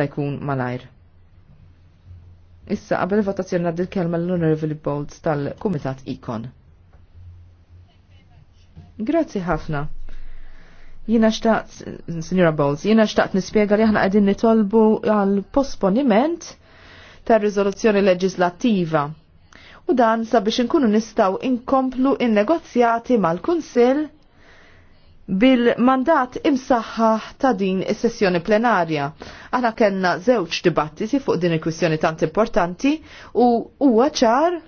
jista' jkun malajr. Issa qabel votazzjoni għad il-kelma l-Honorable Bowles tal-Kumitat Ikon. Grazzi ħafna. Jina xtaqt, Signora Bowles, jina xtaqt nispiega li aħna għedin nitolbu għal posponiment tar riżoluzzjoni leġislattiva. U dan sabiex nkunu nistaw inkomplu in-negozjati mal-Kunsill bil-mandat imsaħħa ta' din is-sessjoni plenarja. Aħna kellna żewġ dibattiti fuq din il-kwistjoni tant importanti u huwa ċar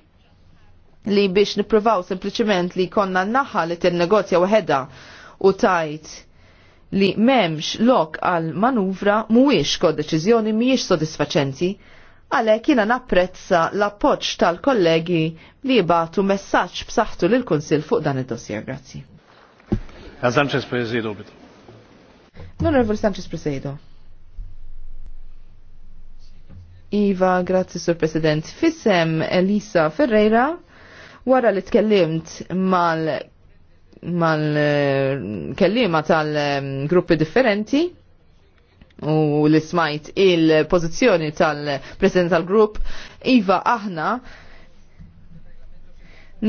li biex nippruvaw sempliċement li konna naħa li t negozja waħedha u tajt li memx lok għal manuvra mhuwiex kod deċiżjoni mhijiex sodisfaċenti għalhekk jiena napprezza l-appoġġ tal-kollegi li jibatu messaġġ b'saħħtu lill kunsill fuq dan id-dossier. Grazzi. Sanchez Presedo, Sanchez Presedo. Iva, grazzi Sur President. Fissem Elisa Ferreira, wara li tkellimt mal mal-kellima tal-gruppi differenti u li smajt il-pozizjoni tal-president tal-grupp, Iva aħna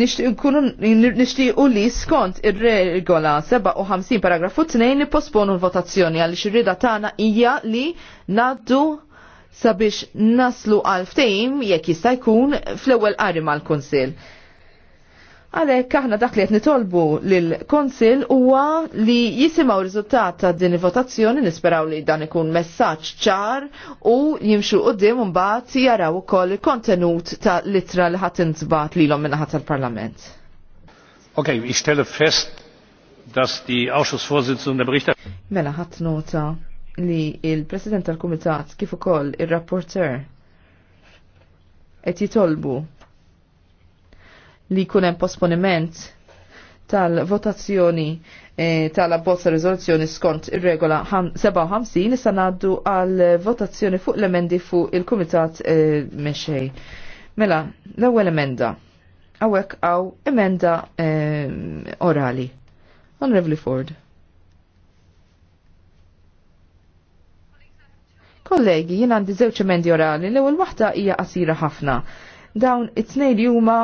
nishtiqu li skont ir-regola 57 paragrafu 2 nipposponu l-votazzjoni għalli xirrida tagħna hija li naddu sabiex naslu għal ftehim jekk jista' jkun fl-ewwel qari mal-Kunsill. Għalek aħna dak li qed nitolbu lill-Konsil huwa li jisimgħu riżultat ta' din il-votazzjoni nisperaw li dan ikun messaġġ ċar u jimxu qudiem mbagħad jaraw ukoll il-kontenut ta' litra li ħadd intbat lilhom minnaħat tal-Parlament. Ok, ich stelle fest, dass die Ausschussvorsitzende der Berichter Mela ħadd nota li il-President tal-Kumitat kif ukoll ir-Rapporteur qed jitolbu li kunem posponiment tal-votazzjoni e, tal-abbozza riżoluzzjoni skont ir-regola 57 issa ngħaddu għal votazzjoni fuq l-emendi fuq il-Kumitat e, Mexej. Mela, l-ewwel emenda. Hawnhekk għaw emenda e, orali. Honorable Ford. Kollegi, jien għandi żewġ emendi orali, l-ewwel waħda hija qasira ħafna. Dawn it-tnejn li huma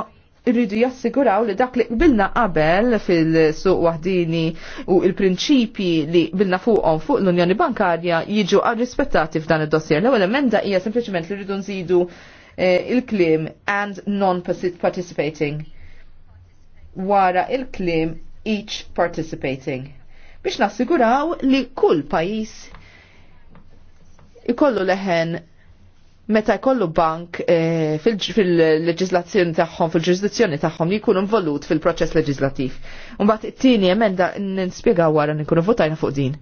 irridu jassiguraw li dak li qbilna qabel fil-suq waħdini u il-prinċipi li bilna fuqhom fuq l-Unjoni Bankarja jiġu rispettati f'dan id-dossier. L-ewwel emenda hija sempliċement li rridu nżidu eh, il-klim and non-participating wara il-klim each participating biex nassiguraw li kull pajis ikollu leħen meta jkollu bank eh, fil-leġizlazzjoni tagħhom, fil-ġurisdizzjoni tagħhom jkunu involut fil-proċess leġislattiv. Mbagħad it-tieni emenda nispjegaw wara nkunu votajna fuq din.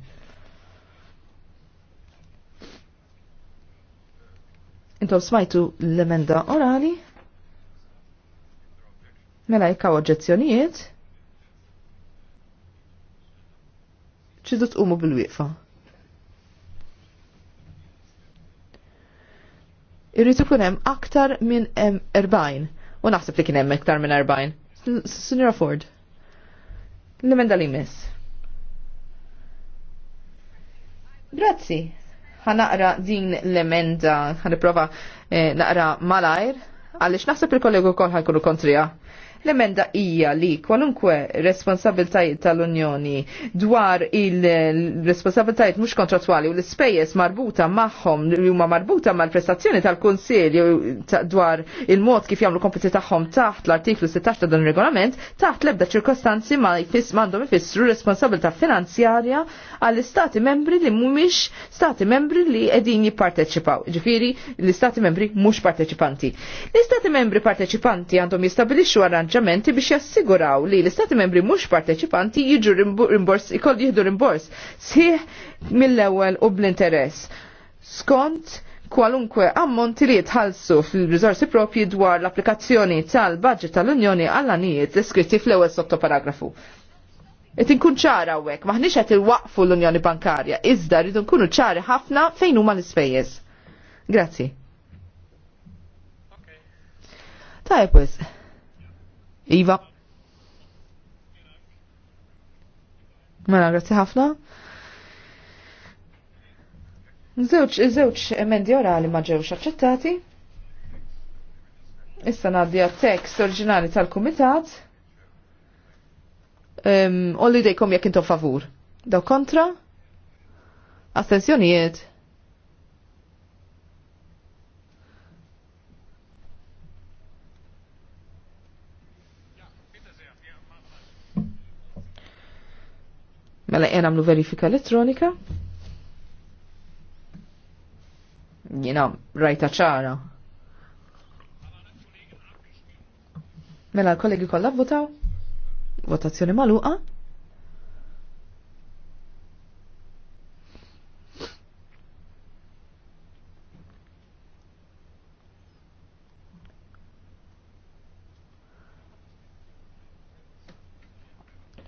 Intom smajtu l-emenda orali? Mela jkaw oġġezzjonijiet? ċidut tqumu bil-wieqfa. irrid ikun hemm aktar minn 40. U naħseb li kien hemm aktar minn 40. Sinjora Ford. L-emenda li miss. Grazzi. Ħanaqra din l-emenda, ħaniprofa eh, naqra malajr, għaliex naħseb il-kollegu kol ħajkunu kontrija. L-emenda hija li kwalunkwe responsabiltajiet tal-Unjoni dwar il-responsabiltajiet mhux kontratwali u l-ispejjeż marbuta magħhom li huma marbuta mal-prestazzjoni tal-Kunsill dwar il-mod kif jagħmlu kompiti tagħhom taħt l-artiklu 16 ta' dan ir-regolament taħt l-ebda ċirkostanzi ma jfiss m'għandhom ifissru responsabilità finanzjarja għall-istati membri li mhumiex stati membri li qegħdin jipparteċipaw. Ġifieri l-istati membri mhux parteċipanti. L-istati membri parteċipanti għandhom jistabilixxu għarran arranġamenti biex jassiguraw li l-istati membri mhux parteċipanti jiġu rimbors, ikoll jihdu rimbors sħiħ mill-ewwel u bl-interess. Skont kwalunkwe ammonti li jitħallsu fil-rizorsi propji dwar l-applikazzjoni tal-budget tal-Unjoni għall-anijiet l-iskritti fl-ewwel sottoparagrafu. Et inkun ċara għek, maħniċ għet il-waqfu l-Unjoni Bankarja, iżda rridu nkunu ċari ħafna fejn huma l-ispejjeż. Grazzi. Okay. Tajb, Iva. Mela, grazzi ħafna. Zewċ, zewċ emendi orali ma ġewx aċċettati. Issa naddi tekst oriġinali tal-Kumitat. Olli dejkom jek intom favur. Daw kontra? Astenzjonijiet? Mela jena għamlu verifika elettronika. Jena rajta ċara. Mela l-kollegi kollha votaw. Votazzjoni maluqa.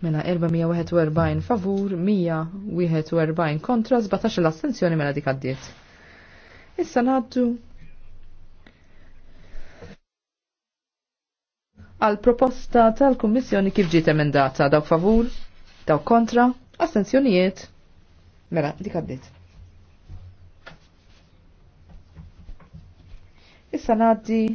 mela 441 favur, 141 kontra, 17 l-astenzjoni mela dik għaddiet. Issa naddu għal proposta tal-Kummissjoni kif ġiet emendata dawk favur, dawk kontra, astenzjonijiet. Mela, dik għaddiet. Issa naddi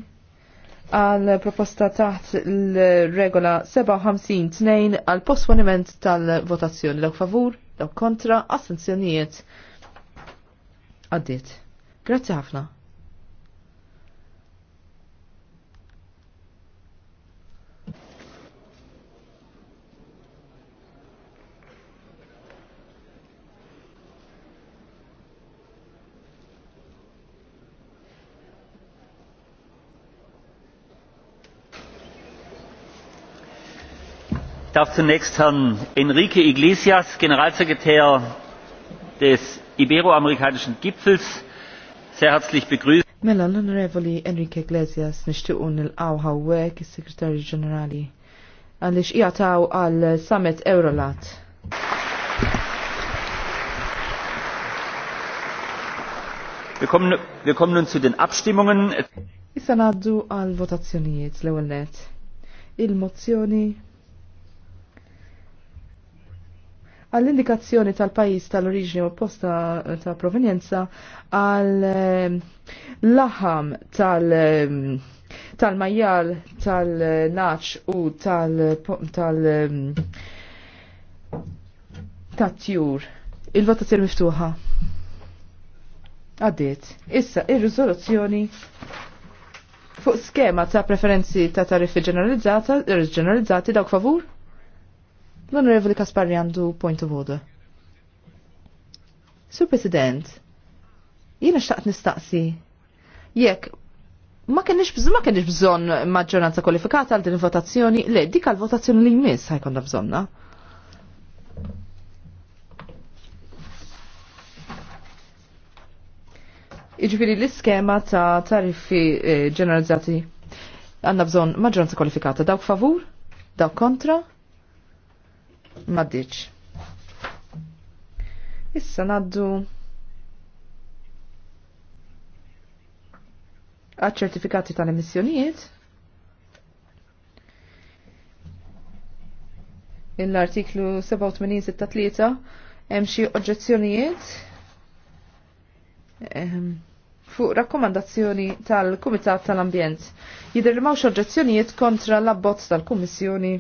għal proposta taħt l-regola 57-2 għal posponiment tal-votazzjoni. Dawk favur, dawk kontra, assenzjonijiet Għaddit. Grazzi ħafna. darf zunächst Herrn Enrique Iglesias, Generalsekretär des Iberoamerikanischen Gipfels, sehr herzlich begrüßen. Mela l-Onorevoli Enrique Iglesias nishtiqu nil-qaw hawwek, il-Sekretarju Ġenerali, għalix jgħataw għal Summit Eurolat. Wir kommen, wir kommen nun zu den Abstimmungen. Issa naddu għal votazzjonijiet l-ewwel net. Il-mozzjoni għall-indikazzjoni tal-pajis tal oriġni u posta ta' provenienza għall ehm, laħam tal- ehm, tal-majjal, tal-naċ u tal- tal- ehm, tat-tjur. Il-votazzjoni miftuħa. Għaddit. Issa, ir-rizoluzzjoni fuq skema ta' preferenzi ta' tariffi ġeneralizzati dawk favur? L-Onorevoli Kasparri għandu point of order. Sur President, jiena xtaqt nistaqsi. Jekk ma kienx bżon ma kienx bżon maġġoranza kwalifikata għal din votazzjoni, le dik għal votazzjoni li jmiss ħajkonna bżonna. Iġviri l-iskema ta' tariffi eh, ġeneralizzati għanna bżon maġġoranza kwalifikata dawk favur, dawk kontra, Maddiċ. Issa naddu għad ċertifikati tal-emissjonijiet. l-artiklu 87-63 hemm xi ehm, fuq rakkomandazzjoni tal-Kumitat tal-Ambjent. Jidr li mawx oġġezzjonijiet kontra l-abbozz tal-Kummissjoni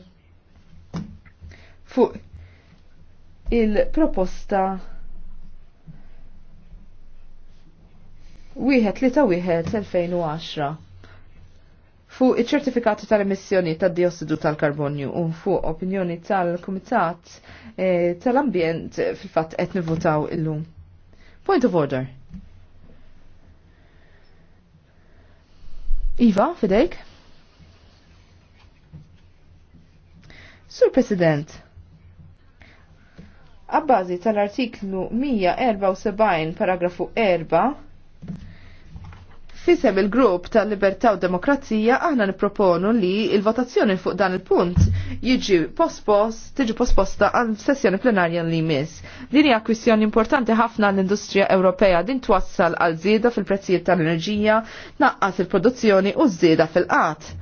fuq il-proposta wieħed li ta' wieħed 2010 fuq iċ-ċertifikati tal-emissjoni tad-diossidu tal-karbonju u fuq opinjoni tal-Kumitat eh, tal-Ambjent fil-fatt qed nivvutaw illum. Point of order. Iva, fidejk? Sur President, għabbażi tal-artiklu 174 paragrafu 4 Fisem il-grupp tal libertà u demokrazija aħna niproponu li il-votazzjoni fuq dan il-punt jiġi pospost, tiġi posposta għal sessjoni plenarja li jmiss. Din hija kwistjoni importanti ħafna l-industrija Ewropea din twassal għal żieda fil-prezzijiet tal-enerġija, naqqas il-produzzjoni u żieda fil-qatt.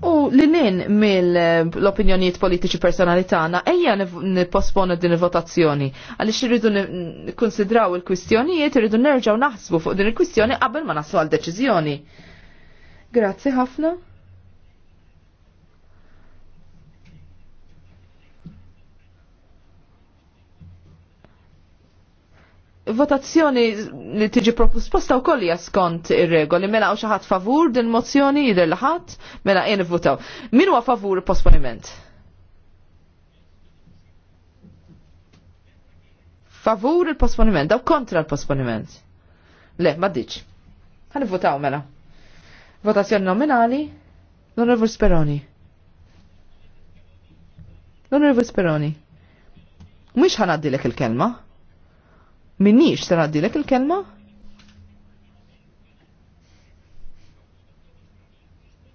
U li nien mill-opinjonijiet eh, l politiċi personali tagħna ejja nipposponu din il-votazzjoni għaliex irridu nikkonsidraw il-kwistjonijiet irridu nerġgħu naħsbu fuq din il-kwistjoni qabel ma naslu għal deċiżjoni. Grazzi ħafna. votazzjoni li tiġi proposta u kolli skont ir-regoli, mela u xaħat favur din mozzjoni jider l-ħat, mela jen votaw. Min huwa favur posponiment? Favur il-posponiment, daw kontra il-posponiment. Le, ma diċ. Għan votaw mela. Votazzjoni nominali, l-onorevol Speroni. L-onorevol Speroni. Mux ħanaddilek il-kelma? Minnix se naddilek il-kelma?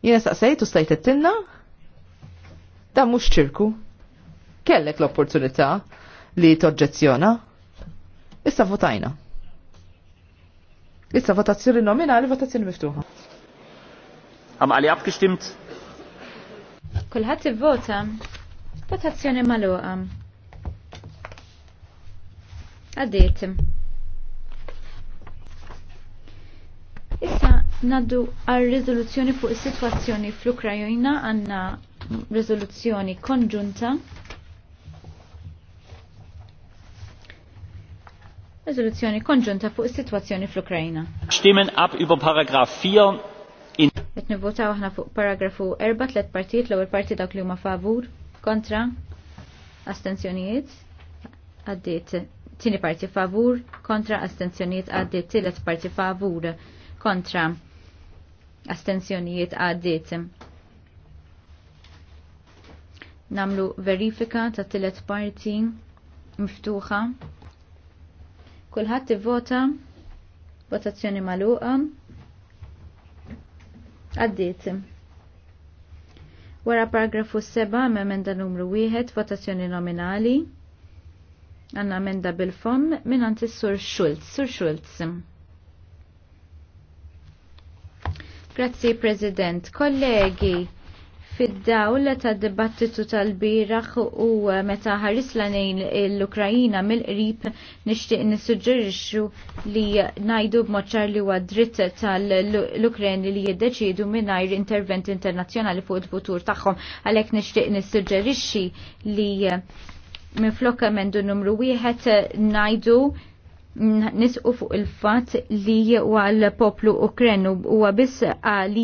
Jena saqsajt u stajt tinna Da mux ċirku. Kellek l-opportunità li toġġezzjona. Issa votajna. Issa votazzjoni nominali, votazzjoni miftuħa. Għam għali abgestimt? Kulħat vota Votazzjoni maluqa. Għaddiet. Issa naddu għal riżoluzzjoni fuq is-sitwazzjoni fl-Ukrajina għandna rizoluzzjoni konġunta. Rizoluzzjoni konġunta fuq is-sitwazzjoni fl ukrajina Stimmen ab über paragraf 4 in Qed nivvotaw aħna fuq paragrafu 4 tliet partijiet l-ewwel parti dawk li huma favur, kontra, astenzjonijiet, għaddiet tini parti favur kontra astenzjoniet għaddit, tillet parti favur kontra astenzjoniet għaddit. Namlu verifika ta' tillet parti miftuħa. Kulħadd vota votazzjoni maluqa għaddit. Wara paragrafu 7 memenda numru 1 votazzjoni nominali. Għanna menda bil-fom minn sur Schultz. Sur Schultz. Grazzi, President. Kollegi, fid-dawl ta' dibattitu tal-biraħ u meta ħaris lejn l-Ukrajina mill-qrib nixtieq nissuġġerixxu li ngħidu b'moċċar li huwa dritt tal-Ukrajni li jiddeċidu mingħajr intervent internazzjonali fuq il-futur tagħhom għalhekk nixtieq nissuġġerixxi li Minflok emendu numru wieħed eh, najdu nisqu fuq il-fat li għal poplu ukrenu u għabis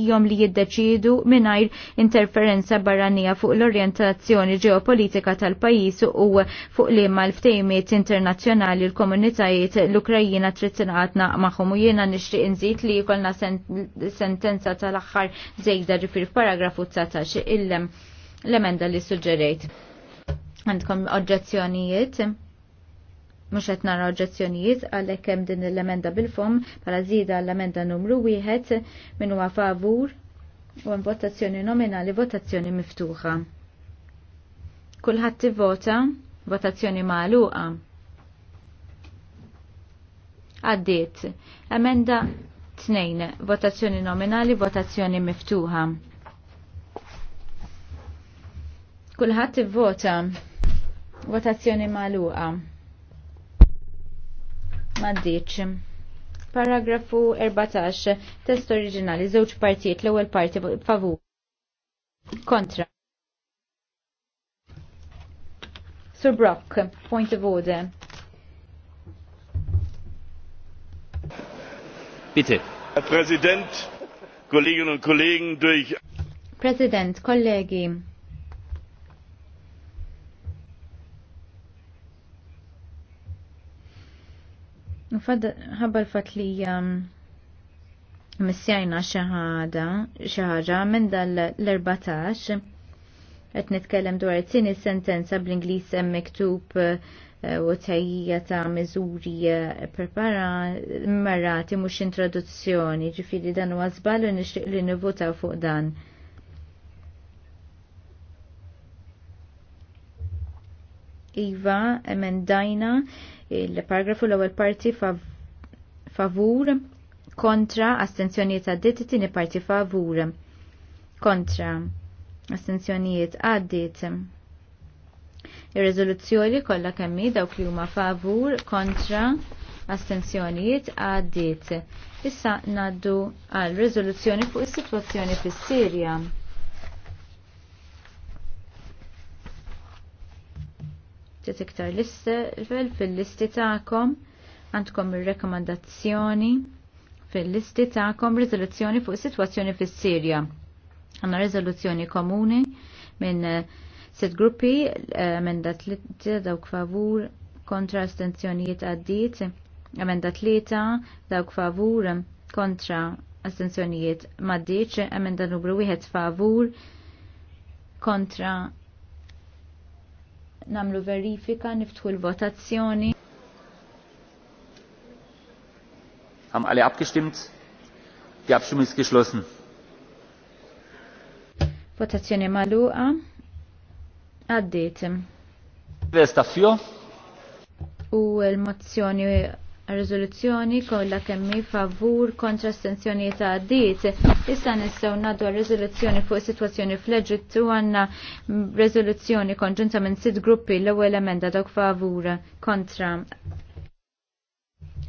jom li jiddeċidu minnajr interferenza barranija fuq l-orientazzjoni ġeopolitika tal-pajis u fuq li ma l-ftejmiet internazjonali l-komunitajiet l-Ukrajina trittinaqatna maħum u jena nishtiq nżid li jkollna sentenza tal-axħar zejda ġifir paragrafu 19 il-lemenda li suġġerejt. Għandkom oġġezzjonijiet? Mux qed nara oġġezzjonijiet għalhekk hemm din l-emenda bil-fom bħala zida l-emenda numru wieħed min huwa favur u hemm votazzjoni nominali votazzjoni miftuħa. Kulħadd tivvota votazzjoni magħluqa. Għaddiet. Emenda 2. Votazzjoni nominali, votazzjoni miftuħa. Kulħadd ivvota. Votazzjoni maluqa. Maddiċ. Paragrafu 14. Test oriġinali. Żewġ partijiet. L-ewwel parti favu. Kontra. Sir Brock, point of order. Bitte. Herr Präsident, Kolleginnen und Kollegen, durch Präsident, Kollegi, ħabba l-fat li um, missjajna xaħada, xaħġa minn dal l-14, għet nitkellem dwar it-tini sentenza bl-Inglis miktub uh, u tajja ta' mizuri uh, prepara marrati mux introduzzjoni ġifiri dan u għazbal u nixtiq li nivuta fuq dan. Iva, emendajna Il-paragrafu l-ewwel parti favur kontra astenzjonijiet għaddit it-tieni parti favur kontra astenzjonijiet għaddit. Ir-riżoluzzjoni kollha kemmi dawk li huma favur kontra astenzjonijiet għaddit. Issa naddu għal riżoluzzjoni fuq is-sitwazzjoni fis-Sirja. ftit iktar l-isfel fil-listi tagħkom għandkom ir-rekomandazzjoni fil-listi tagħkom rizoluzzjoni fuq is-sitwazzjoni fis-Sirja. Għanna rizoluzzjoni komuni minn eh, sit gruppi emenda tlieta dawk favur kontra astenzjonijiet għaddit, emenda tlieta dawk favur kontra astenzjonijiet maddiċ, emenda numru wieħed favur kontra namlu verifika, niftħu l-votazzjoni. Ham alle abgestimmt? Die Abstimmung ist geschlossen. Votazzjoni maluqa. Għaddit. Wer ist dafür? U l-mozzjoni Rezoluzzjoni kollha kemmi favur kontra ta' għaddiet. Issa nistgħu ngħaddu rezoluzzjoni fuq is-sitwazzjoni fl-Eġittu għandna rezoluzzjoni konġunta minn sitt gruppi l-ewwel emenda dawk favur kontra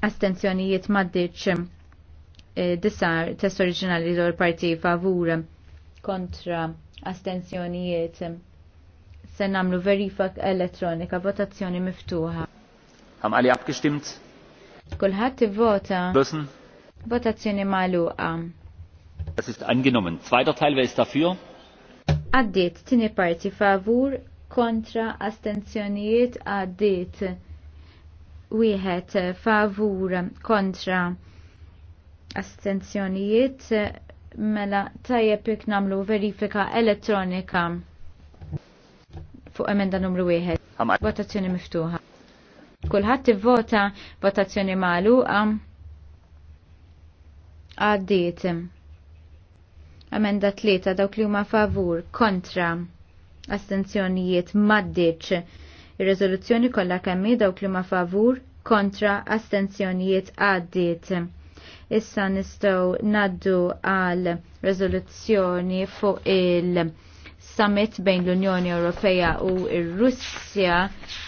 astenzjonijiet maddiċ e, disar test oriġinali l parti favur kontra astenzjonijiet se namlu verifak elettronika votazzjoni miftuħa. Ham għali abgestimmt? Kulħadd ivvota. Bussen. Votazzjoni magħluqa. Das ist angenommen. Zweiter Teil, wer ist dafür? Għaddiet tini parti favur kontra astenzjonijiet għaddiet. Wieħed favur kontra astenzjonijiet mela tajjeb jek namlu verifika elettronika fuq emenda numru wieħed. Votazzjoni miftuħa. Kulħadd ivvota votazzjoni magħluqa għaddiet. Amenda tlieta dawk li huma favur kontra astenzjonijiet maddiċ. Ir-riżoluzzjoni kollha kemm dawk li huma favur kontra astenzjonijiet għaddiet issa nistgħu naddu għal rezoluzzjoni fuq il- summit bejn l-Unjoni Ewropea u r-Russja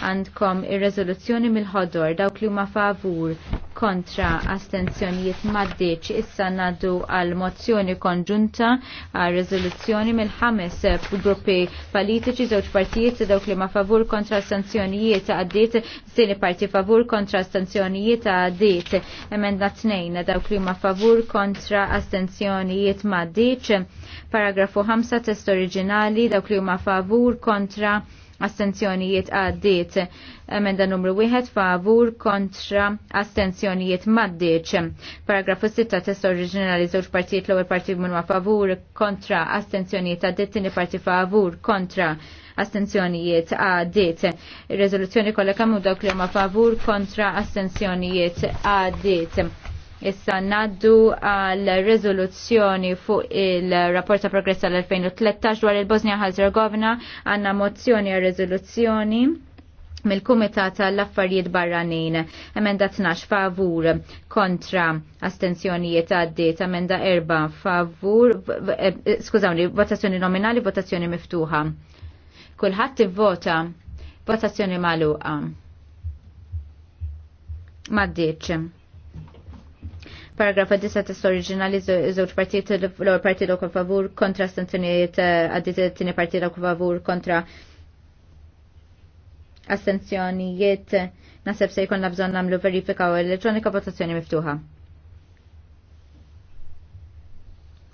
għandkom ir-reżoluzzjoni mill-ħodor dawk li huma favur kontra astenzjonijiet maddiċ issa naddu għal mozzjoni konġunta għal rezoluzzjoni mill-ħames gruppi politiċi żewġ partijiet dawk li ma favur kontra astenzjonijiet għaddiet s-sini parti favur kontra astenzjonijiet għaddiet emenda tnejn dawk li ma favur kontra astenzjonijiet maddiċ paragrafu 5 test oriġinali dawk li ma favur kontra astenzjonijiet għaddiet emenda numru 1 favur kontra astenzjonijiet maddiċ. Paragrafu 6 test oriġinali żewġ partijiet l-ewwel partij minnu favur kontra astenzjonijiet għaddiet tieni parti favur kontra astenzjonijiet għaddiet. Ir-riżoluzzjoni kollha kemm dawk li huma favur kontra astenzjonijiet għaddiet. Issa naddu għal rezoluzzjoni fuq il-rapport ta' progress tal-2013 dwar il-Bosnia Herzegovina għanna mozzjoni għal rezoluzzjoni mill-Kumitat tal-Affarijiet Barranin, emenda 12 favur kontra astenzjonijiet għaddit, emenda 4 favur, eh, eh, skużawni, votazzjoni nominali, votazzjoni miftuħa. Kulħadd ivvota votazzjoni magħluqa. Maddiċ. Paragrafa 9 test oriġinali zewġ partijiet l-ewwel partit dawk favur kontra astenzjonijiet eh, għaddit it-tieni partit dawk favur kontra astenzjonijiet naħseb se jkollna bżonn nagħmlu verifika u elettronika votazzjoni miftuħa.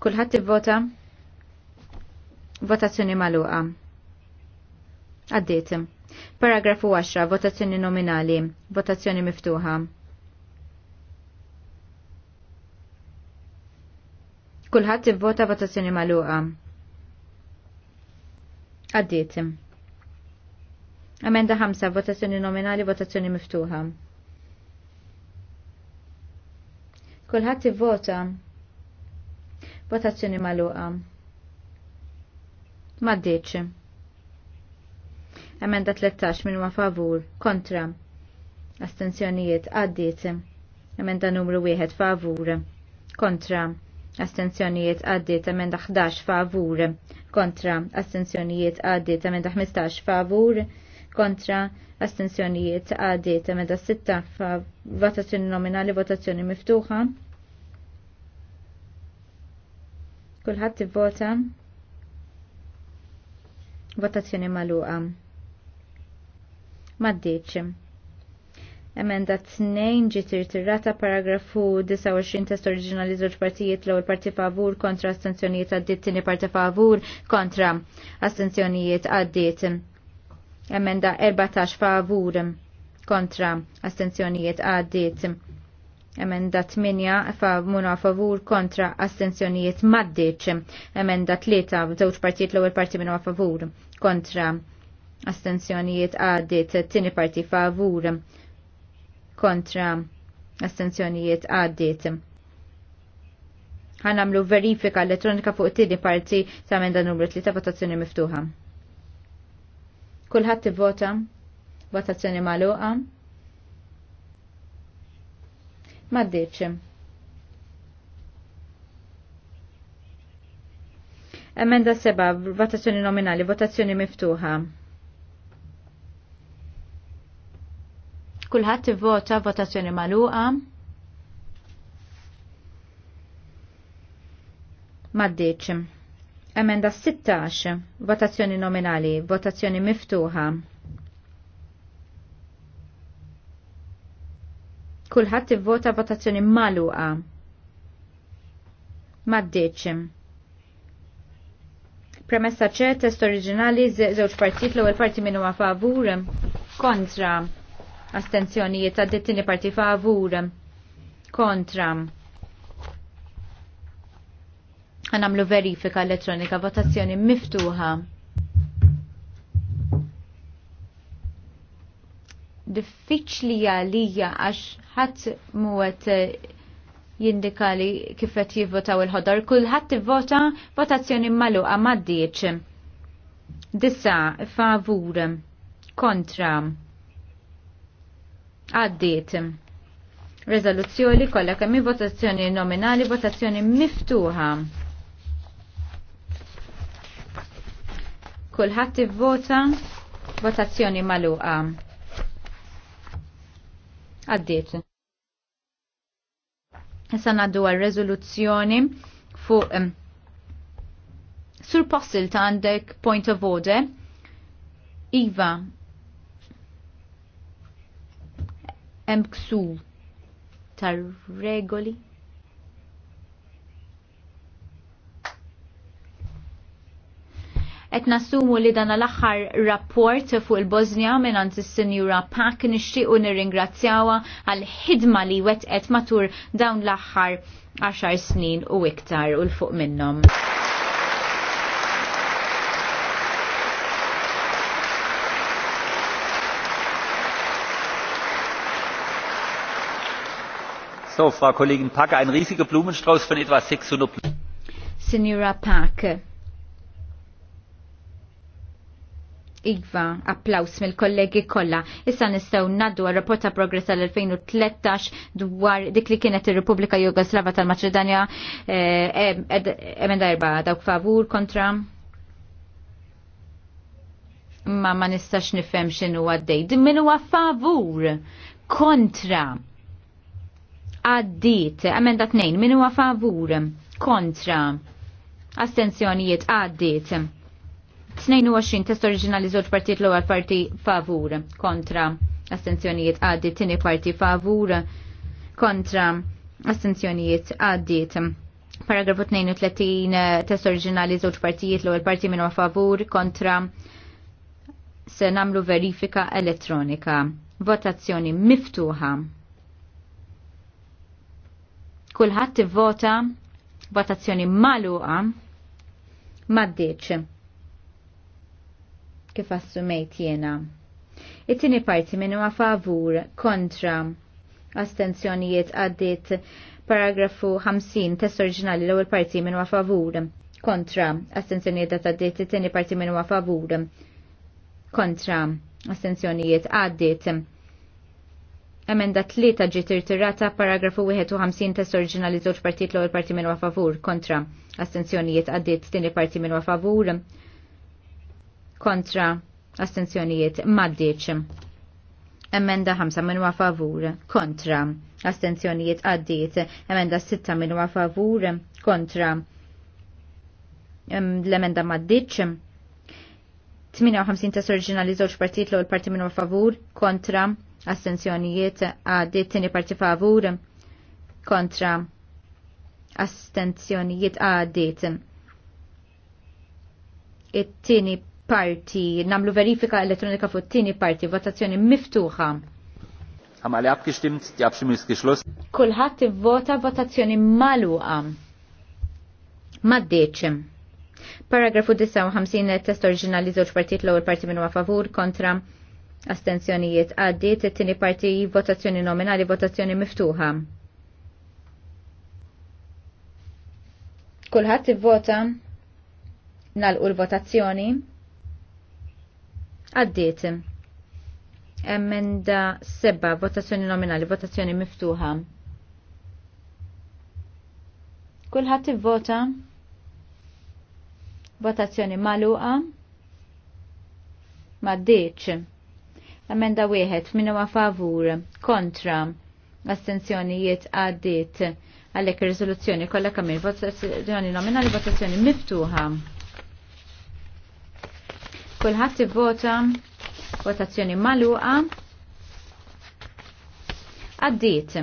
Kulħadd ivvota votazzjoni magħluqa. Għaddiet. Paragrafu 10, votazzjoni nominali, votazzjoni miftuħa. Kulħadd ivvota votazzjoni magħluqa. Għaddiet. Amenda 5, votazzjoni nominali, votazzjoni miftuħa. Kulħadd ivvota. Votazzjoni magħluqa. Maddiċ. Emenda 13 minn ma favur, kontra. Astenzjonijiet għaddiet. Emenda numru 1 favur, kontra astenzjonijiet għaddiet emenda 11 favur kontra astenzjonijiet ta' emenda 15 favur kontra astenzjonijiet għaddiet emenda 6 votazzjoni nominali votazzjoni miftuħa kulħadd ivvota votazzjoni magħluqa. Maddiċ. Emenda 2 ġiet irtirata paragrafu 29 test oriġinali żewġ partijiet l-ewwel parti favur kontra astenzjonijiet għaddiet tieni parti favur kontra astenzjonijiet għaddit. Emenda 14 favur kontra astenzjonijiet għaddit. Emenda 8 fa muna favur kontra astenzjonijiet maddiċ. Emenda 3 żewġ partijiet l-ewwel parti minnu favur kontra astenzjonijiet għaddiet tieni parti favur kontra astenzjonijiet għaddit. Ħanamlu verifika elettronika fuq it-tieni parti ta' emenda numru 3 votazzjoni miftuħa. Kulħadd ivvota votazzjoni magħluqa. Maddiċ. Emenda seba' votazzjoni nominali, votazzjoni miftuħa. Kulħadd ivvota votazzjoni magħluqa. Maddiċ. Emenda 16. Votazzjoni nominali. Votazzjoni miftuħa. Kulħadd ivvota votazzjoni magħluqa. Maddiċ. Premessa ċe, test oriġinali, żewġ partijiet l ewel parti minnu ma' favur, kontra astenzjonijiet għaddit tini parti favur kontra għanamlu verifika elettronika votazzjoni miftuħa diffiċli għalija għax ħadd muwet eh, jindika li kifet jivvotaw il-ħodor. Kulħadd ivvota votazzjoni maluqa ma' Dissa favur kontra Għaddiet. Rezoluzzjoni kollha kemm votazzjoni nominali, votazzjoni miftuħa. Kulħadd ivvota votazzjoni magħluqa. Għaddiet. Issa ngħaddu għar reżoluzzjoni fuq Sur Possil ta' għandek point of order. Iva, hemm ksu tar-regoli Et nassumu li dan l aħħar rapport fuq il-Bosnia minnant is sinjura Pak nixtiqu nirringrazzjawa għal-ħidma li wetqet matur dawn l aħħar 10 snin u iktar u l-fuq minnom. Signora Pack. Iva, applaus mill-kollegi kollha. Issa nistgħu ngħaddu għal rapport ta' progress tal-2013 dwar dik li kienet ir-Repubblika Jugoslava tal-Maċedonja eh, emenda erba' dawk favur kontra. Ma ma nistax nifhem x'inhu għaddej. Din min huwa favur kontra għaddit, emenda t min huwa favur, kontra, astenzjonijiet għaddit. 22 test oriġinali żewġ partijiet l-ewwel parti favur, kontra, astenzjonijiet għaddit, tieni parti favur, kontra, astenzjonijiet għaddit. Paragrafu 32 test oriġinali żewġ partijiet l-ewwel parti minu huwa favur, kontra, se namlu verifika elettronika. Votazzjoni miftuħa. Kulħadd ivvota votazzjoni maluqa maddiċ. Kif assumejt jiena. It-tieni parti minnu favur kontra astenzjonijiet għaddit paragrafu 50 test oriġinali l-ewwel parti minnu favur kontra astenzjonijiet għaddit it tini parti minnu favur kontra astenzjonijiet għaddit Emenda tlieta ġiet irtirata paragrafu 51 test oriġinali żewġ partit l-ewwel parti minwa favur kontra astenzjonijiet għaddiet tieni parti minwa favur kontra astenzjonijiet m'għaddiex. Emenda 5 minwa favur kontra astenzjonijiet għaddiet. Emenda 6 minwa favur kontra l-emenda m'għaddiċ. 58 test oriġinali żewġ partit l-ewwel parti minwa favur kontra astenzjonijiet t tini parti favur kontra astenzjonijiet għaddi it-tini parti namlu verifika elettronika fuq it-tini parti votazzjoni miftuħa Għamma li għabki xtimt, ti miski iskixlus? kullħat vota votazzjoni maluqa. Maddeċ. Paragrafu 59 test oriġinali żewġ partit l-ewwel parti minu favur kontra Astenzjonijiet għaddiet it-tieni parti votazzjoni nominali votazzjoni miftuħa. Kulħadd ivvota nalqu l-votazzjoni. Għaddiet. Emenda seba votazzjoni nominali votazzjoni miftuħa. Kulħadd ivvota votazzjoni maluqa ma' deċ. Amenda wieħed minnu huwa favur kontra astenzjonijiet għaddit għalhekk ir-riżoluzzjoni kollha kemm votazzjoni nominali votazzjoni miftuħa. Kulħadd ivvota votazzjoni maluqa għaddit.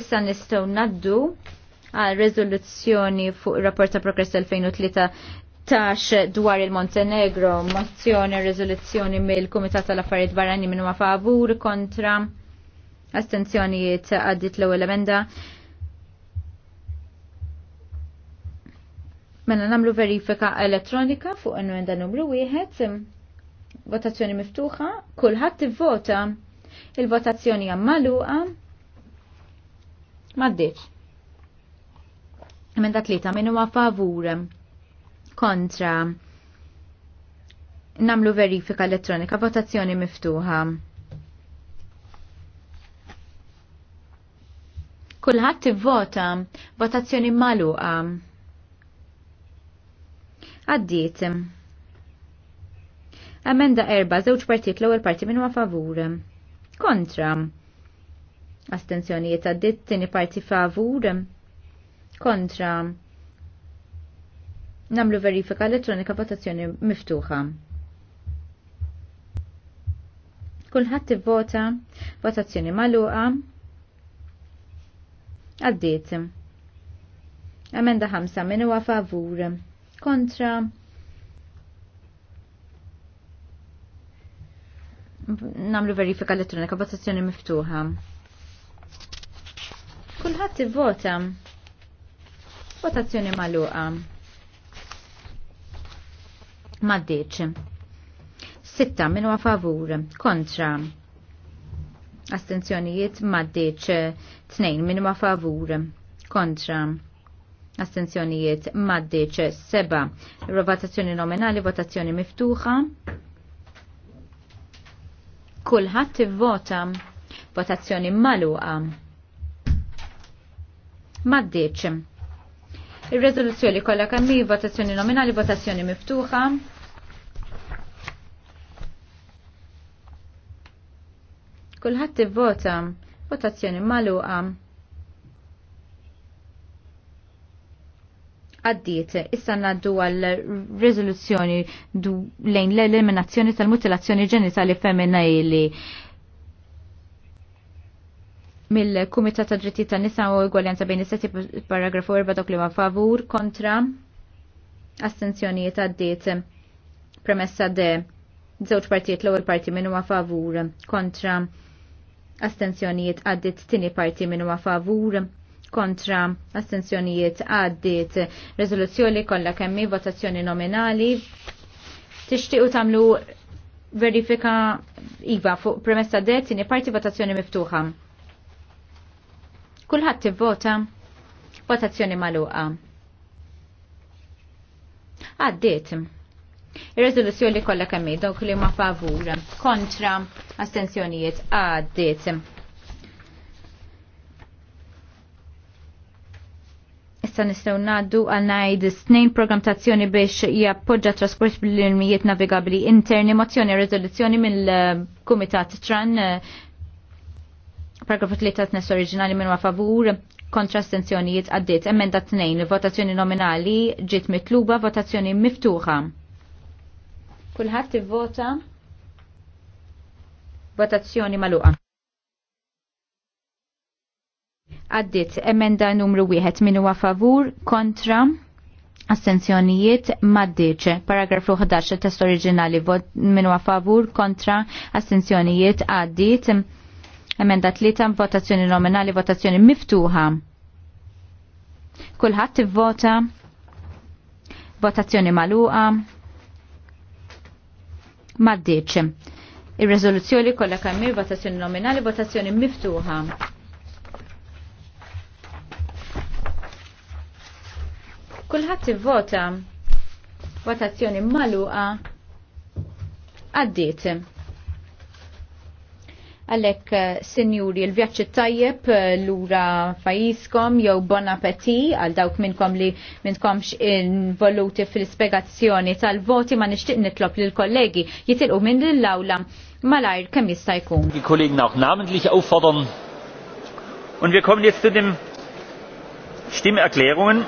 Issa nistgħu naddu għal rezoluzzjoni fuq rapport ta' progress 2003 16 dwar il-Montenegro, mozzjoni u rezoluzzjoni mill-Kumitat tal-Affarijiet Barrani minn ma favur kontra astenzjonijiet għaddit l-ewwel emenda. Mela namlu verifika elettronika fuq emenda numru wieħed. Votazzjoni miftuħa, kulħadd ivvota. Il-votazzjoni hija magħluqa. M'għaddiex. Emenda tlieta minn huwa favur kontra namlu verifika elettronika votazzjoni miftuħa. Kulħadd ivvota votazzjoni magħluqa. Għaddiet. Amenda erba żewġ partit l-ewwel parti minn huwa favur. Kontra. Astenzjonijiet għaddiet tieni parti favur. Kontra Namlu verifika elettronika votazzjoni miftuħa. Kulħadd ivvota votazzjoni magħluqa. Għaddiet. Amenda ħamsa min huwa favur. Kontra. Namlu verifika elettronika votazzjoni miftuħa. Kulħadd ivvota. Votazzjoni magħluqa maddiċ. Sitta minu favur kontra astenzjonijiet maddiċ. Tnejn minu favur kontra astenzjonijiet maddiċ. Seba votazzjoni nominali, votazzjoni miftuħa. Kulħadd vota, votazzjoni maluqa. Maddiċ. Il-rezoluzzjoni kollha kemm votazzjoni nominali, votazzjoni miftuħa. Kulħadd ivvota. Votazzjoni magħluqa. Għaddiet, issa naddu għal riżoluzzjoni lejn l-eliminazzjoni tal-mutilazzjoni ġenitali femminili mill-Kumitat ta' Dritti ta' Nisa u Egwaljanza bejn is-sessi paragrafu 4 dok li ma' favur kontra astenzjonijiet għaddiet premessa de żewġ partijiet l-ewwel parti minn huwa favur kontra astenzjonijiet għaddit tini parti minn huwa favur kontra astenzjonijiet għaddit rezoluzzjoni kollha kemmi votazzjoni nominali. Tixtiequ tagħmlu verifika iva fuq premessa det tini parti votazzjoni miftuħa. Kulħadd tivvota votazzjoni magħluqa. Għaddiet ir li kollha kemm dawk li ma favur kontra astenzjonijiet għaddiet. Issa nistgħu ngħaddu għal ngħid snin programm tazzjoni biex jappoġġa trasport bl-ilmijiet navigabbli interni mozzjoni riżoluzzjoni mill-Kumitat Tran paragrafu 3 tnes oriġinali minn favur kontra astenzjonijiet għaddiet emenda 2 votazzjoni nominali ġiet mitluba votazzjoni miftuħa. Kulħadd ivvota votazzjoni maluqa. Għaddit emenda numru wieħed min huwa favur kontra Astenzjonijiet maddiċ. Paragrafu 11 test oriġinali vot minu favur kontra astenzjonijiet għaddit. Emenda 3 votazzjoni nominali votazzjoni miftuħa. Kulħadd ivvota votazzjoni maluqa maddeċ. Ir-rezoluzzjoni kollha kemmir votazzjoni nominali, votazzjoni miftuħa. Kulħadd ivvota votazzjoni maluqa Addiet. Għalek, eh, sinjuri, il-vjaċċi tajjeb eh, l-ura fajiskom jew bon appetit għal dawk minnkom li minnkomx involuti fil-spiegazzjoni tal-voti ma nixtieq nitlob lil kollegi jitilqu minn l-awla malajr kemm jista' jkun. Die Kollegen auch namentlich auffordern. Und wir kommen jetzt zu den Stimmerklärungen.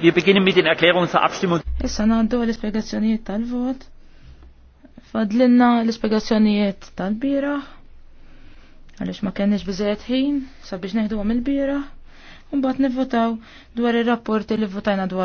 Wir beginnen mit den Erklärungen zur Abstimmung. auch għandu l-ispiegazzjonijiet tal-vot. Fadlinna l-ispiegazzjonijiet tal-bira, għalix ma kenniex biżejjed ħin sabiex neħdu għam il-bira, un bat nivvotaw dwar ir rapporti li votajna dwar.